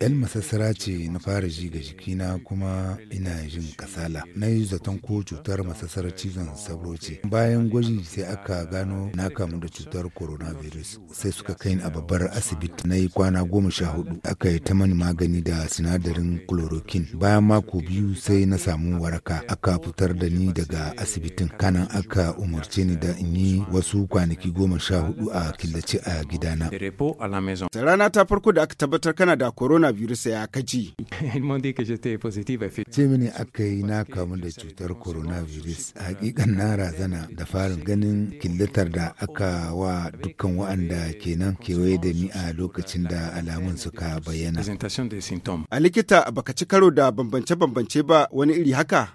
'yan masasara ce na fara ji ga jikina kuma ina jin kasala na yi zaton ko cutar masasar cizon sauro ce bayan gwaji sai aka gano na kamu da cutar coronavirus sai suka kai ni a babbar asibiti na yi kwana goma sha hudu aka yi ta mani magani da sinadarin chloroquine bayan mako biyu sai na samu waraka aka fitar da ni daga asibitin kanan aka umarce ni da in yi wasu kwanaki goma sha hudu a killace a gidana rana ta farko da aka tabbatar kana da coronavirus ya kaji. ce mini aka yi na kamu da cutar coronavirus hakikan na razana da farin ganin killatar da aka wa dukkan wa'anda kenan kewaye da ni a lokacin da alamun suka bayyana. A likita baka ci karo da bambance-bambance ba wani iri haka?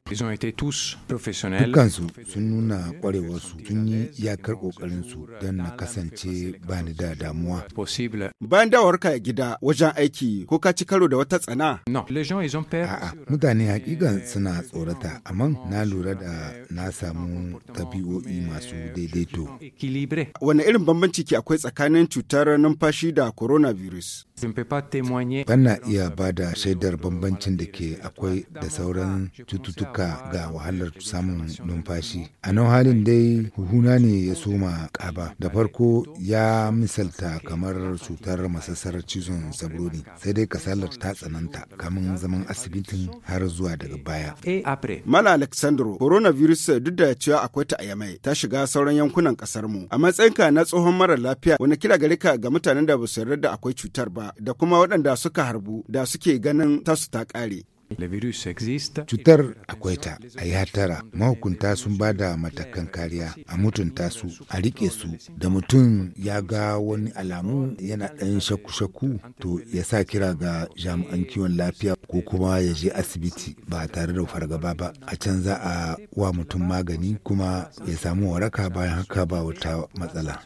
Dukansu sun nuna kwarewarsu sun yi iyakar kokarinsu don na kasance bani da damuwa. Bayan dawarka gida wajen aiki ko ka ci karo da wata tsana? No. A'a, mutane hakika suna tsorata, amma na lura da na samu tabi'o'i masu daidaito. Wane irin bambanci ke akwai tsakanin cutar numfashi da coronavirus? Bana iya ba da shaidar bambancin da ke akwai da sauran cututtuka ga wahalar samun numfashi. A nan halin dai huhuna ne ya soma kaba. Da farko ya misalta kamar cutar cutar masassarar cizon sabroni sai dai kasalar ta tsananta kamin zaman asibitin har zuwa daga baya. Mala Alexandro, coronavirus duk da cewa akwai ta a ta shiga sauran yankunan kasar mu. A matsayinka na tsohon mara lafiya wani kira gare ka ga mutanen da ba su yarda da akwai cutar ba da kuma waɗanda suka harbu da suke ganin tasu ta ƙare. Cutar akwai ta a yi hatara, mahukunta sun ba da matakan kariya, a mutunta su, a riƙe su, da mutum ya ga wani alamu yana ɗan shaku-shaku to ya sa kira ga jami'an kiwon lafiya ko kuma ya je asibiti ba tare da fargaba ba. A can za a wa mutum magani kuma ya samu waraka bayan haka ba wata matsala.